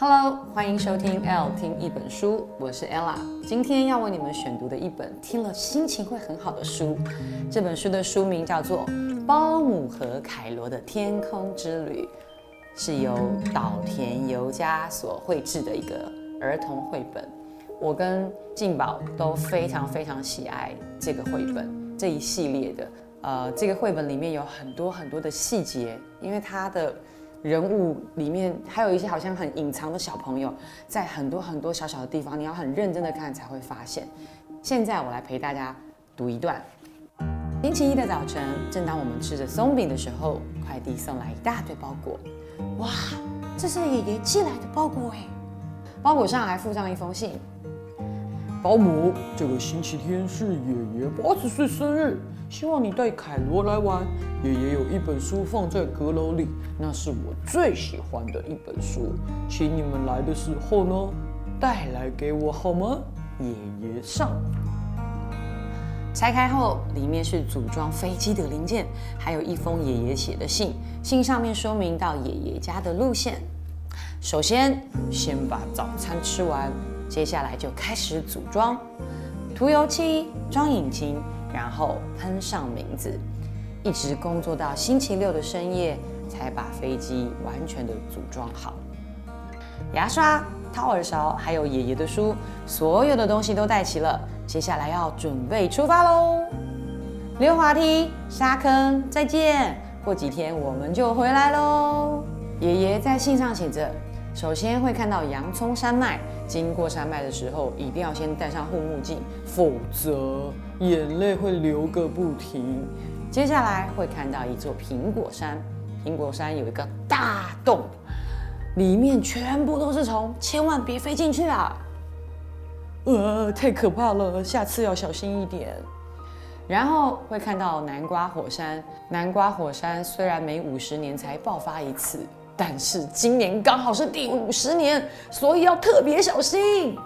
Hello，歡迎收聽 L 聽一本書，我是 Ella。今天要為你們選讀的一本聽了心情會很好的書，這本書的書名叫做《包姆和凱羅的天空之旅》，是由島田由佳所繪製的一個兒童繪本。我跟勁寶都非常非常喜愛這個繪本這一系列的。呃，這個繪本裡面有很多很多的細節，因為它的。人物裡面還有一些好像很隱藏的小朋友，在很多很多小小的地方，你要很認真的看才會發現。現在我來陪大家讀一段：星期一的早晨，正當我們吃着鬆餅的時候，快遞送來一大堆包裹。哇，這是爺爺寄來的包裹誒！包裹上還附上一封信。包姆，這個星期天是爺爺八十歲生日，希望你帶凱羅來玩。爺爺有一本書放在閣樓裡，那是我最喜歡的一本書，請你們來的時候呢，帶來給我好嗎？爺爺上。拆開後，裡面是組裝飛機的零件，還有一封爺爺寫的信。信上面說明到爺爺家的路線。首先，先把早餐吃完。接下來就開始組裝，塗油漆，裝引擎，然後噴上名字，一直工作到星期六的深夜，才把飛機完全的組裝好。牙刷、掏耳勺，還有爺爺的書，所有的東西都帶齊了。接下來要準備出發嘍！溜滑梯、沙坑，再見！過幾天我們就回來嘍。爺爺在信上寫着。首先會看到洋蔥山脈，經過山脈的時候一定要先戴上護目鏡，否則眼淚會流個不停。接下來會看到一座蘋果山，蘋果山有一個大洞，裡面全部都是蟲，千萬別飛進去啊！呃，太可怕了，下次要小心一點。然後會看到南瓜火山，南瓜火山雖然每五十年才爆發一次。但是今年剛好是第五十年，所以要特別小心。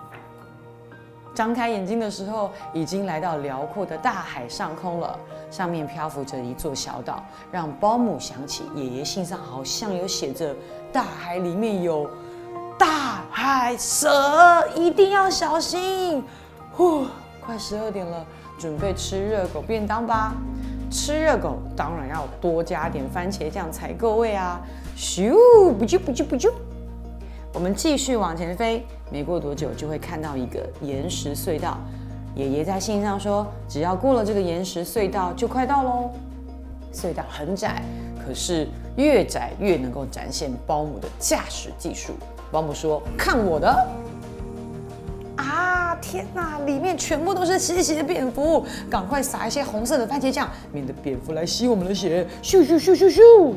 張開眼睛的時候，已經來到遼闊的大海上空了，上面漂浮着一座小島，讓包姆想起爺爺信上好像有寫着：大海裡面有大海蛇，一定要小心。呼，快十二點了，準備吃熱狗便當吧。吃熱狗當然要多加點番茄醬才夠味啊。咻，不啾不啾不啾，我們繼續往前飛。沒過多久，就會看到一個岩石隧道。爺爺在信上說，只要過了這個岩石隧道，就快到嘍。隧道很窄，可是越窄越能夠展現包姆的駕駛技術。包姆說：“看我的！”啊，天哪，裡面全部都是吸血的蝙蝠！趕快撒一些紅色的番茄醬，免得蝙蝠來吸我們的血。咻咻咻咻咻，咻。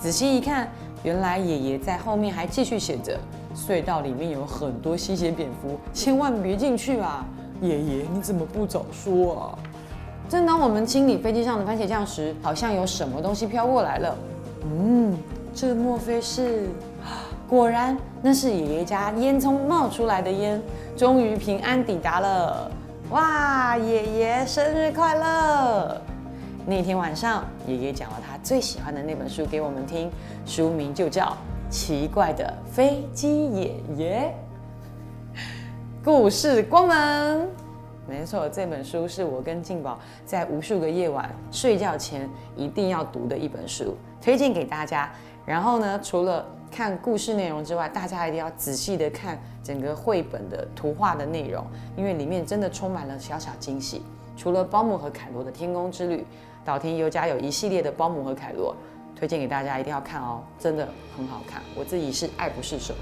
仔細一看，原來爺爺在後面還繼續寫着：“隧道裡面有很多吸血蝙蝠，千萬別進去啊！”爺爺，你怎麼不早說啊？正當我們清理飛機上的番茄醬時，好像有什麼東西飄過來了。嗯，這莫非是……果然，那是爺爺家煙囪冒出來的煙。終於平安抵達了！哇，爺爺生日快樂！那天晚上，爺爺講了他最喜歡的那本書給我們聽，書名就叫《奇怪的飛機爺爺》。故事光芒，沒錯，這本書是我跟勁寶在無數個夜晚睡覺前一定要讀的一本書，推薦給大家。然後呢，除了看故事內容之外，大家一定要仔細的看整個繪本的圖畫的內容，因為裡面真的充滿了小小驚喜。除了包姆和凱羅的《天空之旅》，島田優家有一系列的包姆和凱羅，推薦給大家，一定要看哦，真的很好看，我自己是愛不釋手。